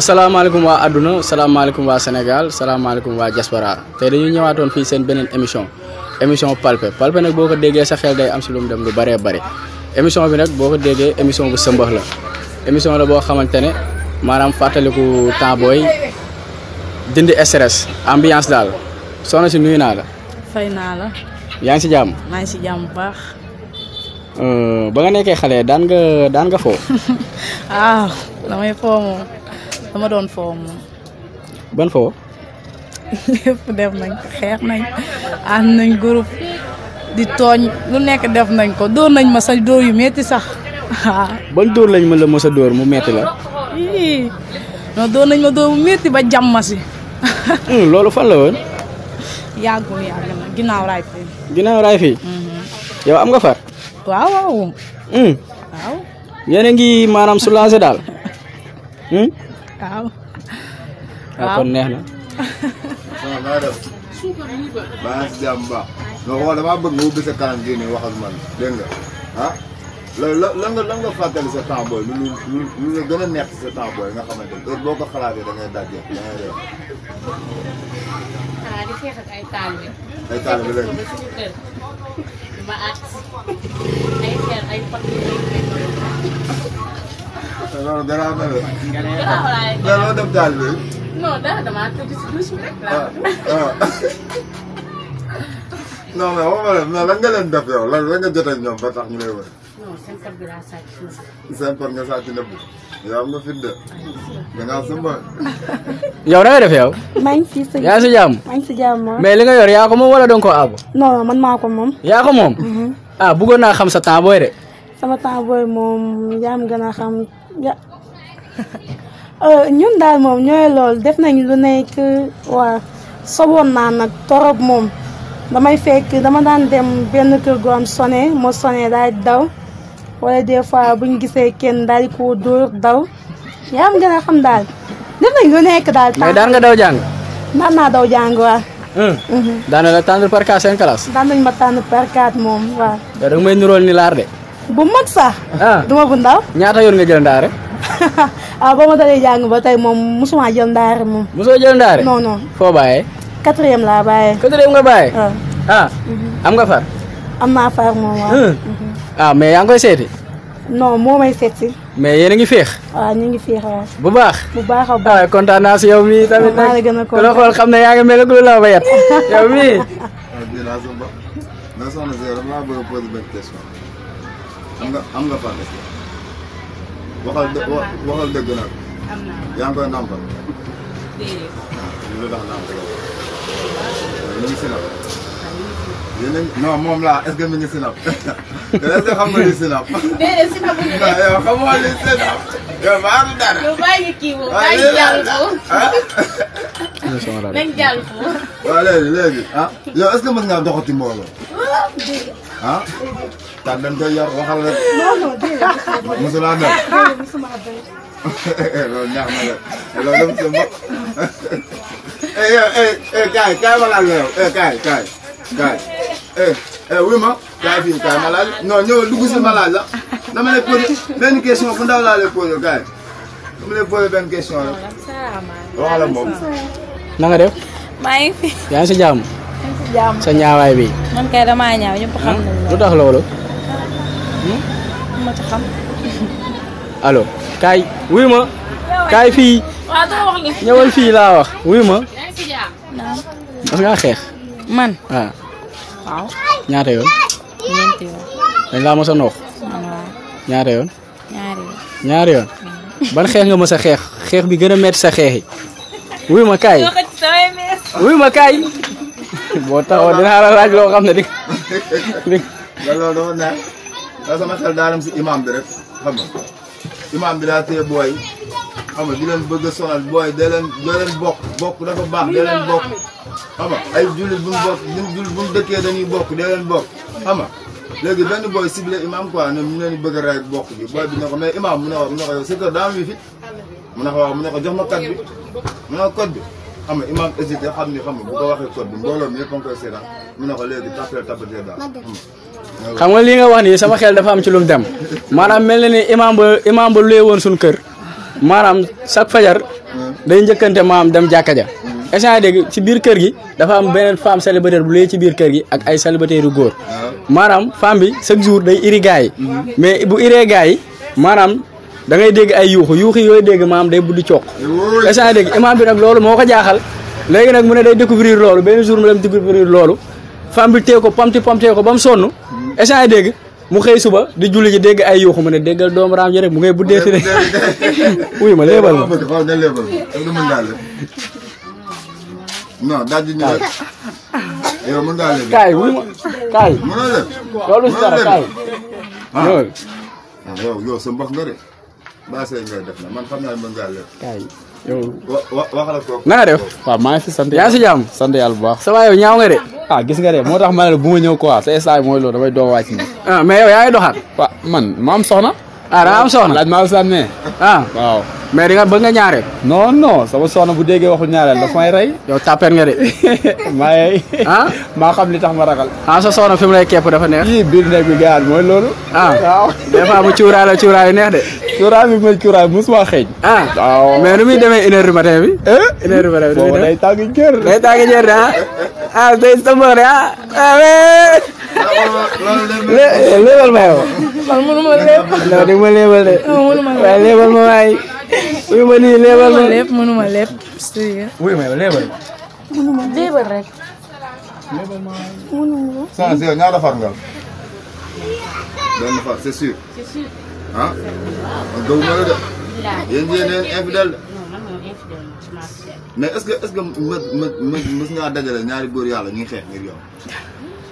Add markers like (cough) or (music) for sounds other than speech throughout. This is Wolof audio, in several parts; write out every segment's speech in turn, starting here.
asalaamaaleykum waa àdduna salaamaaleykum waa Sénégal salaamaaleykum waa diaspora te dañuy ñëwaatoon fii seen beneen émission émission Palpe Palpe nag boo ko déggee sa xel day am si lu dem lu bare bëri émission bi nag boo ko déggee émission bu sëmbax la émission la boo xamante ne maanaam fàttaliku temps booy dindi stress ambiance daal soxna si nuyu naa la. fay naa la. yaa ngi si jàmm. maa ngi si jàmm bu baax. Euh, ba nga nekkee xale daan nga daan waaw (laughs) ah, damay foo dama doon foo moom. ban foo. lépp def nañ ko xeex nañ ànd nañ groupe di tooñ lu nekk def nañ ko dóor nañ ma sa dóor yu metti sax waaw. Ah. ban dóor lañ ma la ma sa dóor mu metti la. ii non dóor nañ ma dóor mu metti ba jàmm ma si. Hmm, loolu fan la woon. yàggul yàgg na ginnaaw raay fii. ginnaaw raay fii. Mhm. yow am nga far. waaw waaw. Hmm. waaw. yéen a ngi maanaam su lancé daal. (laughs) Hmm? waaw. Ah, waaw kon neex na. maa ngi si jàmm baax. non xool damaa bëgg nga ubbi sa kanam gii nii wax ak man dégg nga ah loolu la lan nga lan nga fàttali sa temps booy lu lu lu la gën a neex sa temps booy nga xamante ne heure boo ko xalaatee da ngay dajee da ngay def. ah di xeex ak ay taalibe. ay taalibe léegi ma ay xeer ay loolu gannaaw na la. loolu def daal bi. non dara damaa tëdd si douche bi rek. waaw waaw. Ah, ah. (laughs) non mais waxuma leen non lan nga leen def yow lan lan nga jot ak ñoom ba tax ñu lay wër. non seen kër bi laa sàcc seen kër nga sàcc nëbbu. yow am nga fit de. dangaa sumba. yow da nga def yow. maa ngi si sa yaa ngi si jàmm. maa ngi si jàmm mais li nga yor yaa ko moom wala danga koo àbb. non man maa ko moom. yaa ko moom. Mhm. ah bëggoon naa xam sa temps booy de. sama temps booy moom yaa ma gën a xam. (laughs) Euh, ñun daal moom ñooy lool def nañ lu nekk waa soboon naa nag torop moom damay fekk dama daan dem benn kër gu am sone ma sone daal daw wala des fois buñ gisee kenn daal di ko daw yaa am a xam daal def nañ lu nekk daal. mais daan nga daw jàng. daan naa daw jàng waa. Mhm. daan na la tànn par quatre seen classe. daan nañ ma tànn par quatre moom waaw. da nga may niróol ni laar de. bu mag sax. Ah. du ma bu ñaata yoon nga jël ndaare. (laughs) ah ba ma dalee jàng ba tey moom mosuma jël ndaare moom. mosoo jël ndaare. non non foo bàyyee. quatrième laa bàyyee. quatrième nga bàyyee. Ah. Ah. Mhm. am nga far. am naa far moom waaw. ah mhm. mais yaa ngi koy seeti. non moo may seet si. mais yéen a ngi féex. waaw ñu ngi féex waaw. bu baax. bu baax a baax kontaan naa si yow mii tamit. maa la gën a kontaan xool xam ne yaa ngi mel ak lu ba yat (laughs) yow mii. a poser am nga am nga far waxal dë waxal dëgg nag. am naa yaa ngi koy nàmpal. déedéet. waaw ah, lu tax nàmp rek. ñu ngi sinap. Ah, non moom laa est-ce que mi ngi sinap. te est-ce que xam nga li sinap. (laughs) déedéet sinap bu ñu def. yow xamoo li sinap. yow maa ngi dara. yow bàyyi kii moom bàyyi jàll ko. Ah. (laughs) nañ jàll ko. waaw léegi léegi ah yow est-ce que mën ngaa doxati mbooloo. (laughs) ah daal dañ koy yor waxal rek. non non déedéet. mosulaa la (laughs) loolu la (laughs) mosuma. Eh eh, eh eh kaay kaay ma laal la yow eh kaay kaay kaay. eh eh ma kaay fii kaay ma laaj non ñëw dugg la dama lay posé benn question bu ndaw laa lay posé kaay dama lay posé benn question rek. waaw salaamaaleykum moom. na nga def. maa ngi fi. yaa sa ñaawaay bi. man kay damaa ñaaw ñëpp xam hmm? nañu lu tax loolu. Hmm? ma ci xam. (laughs) allo kaay wuy ma. kaay fii. waaw la. fii laa wax wuy ma. daf ngaa xeex. man waaw. Ah. waaw ñaata yoon. ñeenti laa mos a noox. ñaata yoon. yoon. ñaari yoon. Hmm. ban xeex nga mos a xeex xeex bi gën a metti sa xeex wuy ma kaay. wuy ma kaay. boo taxaw dinaa la laaj loo xam ne di nga loolu dafa neex da sama ma daa dem si imam bi rek xam nga imam bi daa téye booy xam nga di leen bëgg a sonal booy dee bok dee leen bokk bokk dafa baax dee leen bokk ay jullit bu mu bokk jullit bu mu dëkkee dañuy bokk dee leen bokk xam nga léegi benn booy ciblé imam quoi ñoom ñu leen bëgg a rey bokk bi booy bi ne ko mais imam mu ne ko mu ne ko yow wi fit mu ne ko jox ma code mu ne ko code xam nga imaam hésité xam bu ko waxee a xam nga li nga wax nii sama xel dafa am ci lu mu dem maanaam mel na ni imaam ba imaam ba woon suñu kër maanaam chaque fajar day njëkkante maam dem jàkka ja mm. essange dégg ci biir kër gi dafa am beneen femme célibataire bu luye ci biir kër gi ak ay célibataire yu góor ah. maanaam femme bi chaque jour day iri gars yi mm-hmm. mais bu iree gars yi dangay ngay dégg ay yuuxu yuuxu yooyu dégg maam day buddi cook esant dégg imaam bi nag loolu moo ko jaaxal léegi nag mu ne day découvrir loolu benn jour mu dem découvrir loolu femme bi tee ko pamti pamtee ko ba mu sonn esant dégg mu xëy suba di julli ji dégg ay yuuxu mu ne déggal doom raam ji rek mu ngay buddee si ne (laughs) uy ma léebal ma non daal di ñu rek yow mën ngaa leen. kaay ma kaay. loolu si dara kaay. Ah. Ah, baa sey ngay def na man xam naa mën waaw maa ngi fi sant. yaa si jàmm sant yàlla bu baax. sa waay yow ñaaw nga de. ah gis nga de moo tax ma ne la bu ma ñëw quoi sa instant mooy loolu damay doo a wàcc nii. ah mais yow yaa ngi man ma am soxna. ah daa am soxna laaj ma am soxna ah waaw. mais di nga bëgg nga ñaareel. non sama soxna bu déggee waxul ñaareel daf may rey. yow tàppeet nga de. maay. ah maa xam li tax ma ragal. ah sa soxna fi mu lay képp dafa neex. biir nekk bi gars mooy loolu. ah waaw des fois mu cuuraay la neex de. cuuraay bi mooy cuuraay mosuma xeeñ. ah waaw muy demee une heure du matin bi. une heure du matin bi boobu day tàng jër. day tàng jër ah ah day ma yow. di ma léebal de. waaye léebal ma waay. wuyu ma nii léebal la lépp mënuma lépp. wuyu ma léebal. mënuma léebal rek. léebal maa ngi. mënuma. sans yow ñaata far nga. benn far c'est sûr. c'est sûr. ah. dëgg ma la de. yéen yéen infidèle mais est-ce que est-ce que mës mës mës ngaa dajale ñaari góor yàlla ñu ngi xeex ngir yow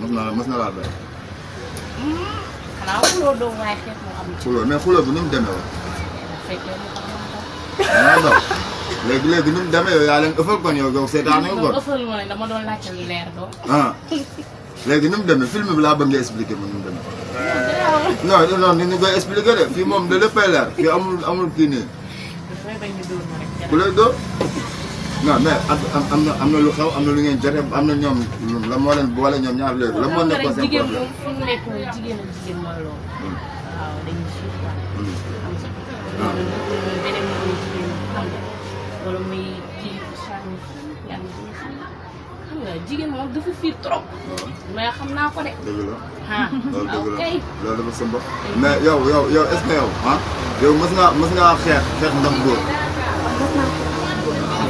mës na la mës na laa dajale. Hmm, xanaa xuloo doom waaye xeex moo am. xuloo mais xuloo bi ni mu demee woon. waaw ah, waaw léegi léegi nu mu demee yow yaa leen ëffal kon yow yow seetaan nañu kon. ëffal ma dama doon leer doon. ah léegi nu mu demee film bi laa bëgg ma nu mu demee. non non ni ñu koy expliqué de moom da léppay leer amul amul kii nii. ku lay dóor. non mais am na am lu xew am na lu ngeen jotee am na ñoom la moo leen boole ñoom ñaar léegi la moo nekkoon seen problème jigéen moom fu mu nekk jigéen jigéen moom dafa trop. Ah. mais xam naa ko de. dëgg la ah. ah, dafa sa bopp mais yow yow yow est-ce que yow ah mës ngaa mës ngaa xeex xeex ndax góor.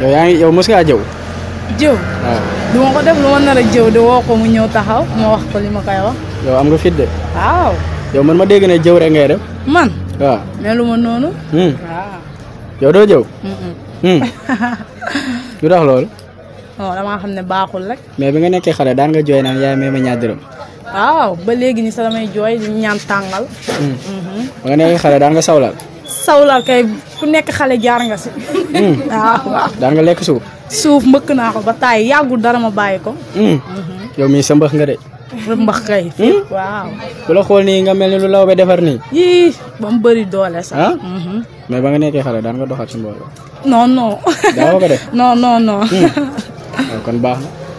yow yaa ngi yow mos ngaa jëw jëw waaw duma ko def lu ma nar a jëw de woo ko mu ñëw taxaw ma wax ko li ma koy wax yow am nga fit de waaw yow man ma ah. dégg ne jëw rek ngay def man waaw meluma noonu hmm. waaw ah. yow doo jëw hmm. lu (laughs) tax loolu oh, non dama xam ne baaxul rek mais bi nga nekkee xale daan nga jooy naan yaay may ma ñaar dërëm waaw ba léegi ni sa damay jooy ñaan tàngal nga nekkee xale daan nga sawlal saw kay ku nekk xale jaar nga si. Hmm. waaw daan nga lekk suuf. suuf mbëkk naa ko ba taay yàggul dara ma bàyyi ko. Hmm. Mhm. yow mii sa mbëx nga de. mbëx kay. Hmm? waaw. bu la xool nii nga mel ni lu law ba defar nii. yii ba mu bëri doole sax. ah mhm. mais ba nga nekkee xale daan nga doxal ci mbooloo. non non. daawoo ko def (laughs) non non (laughs) ah, kon baax na.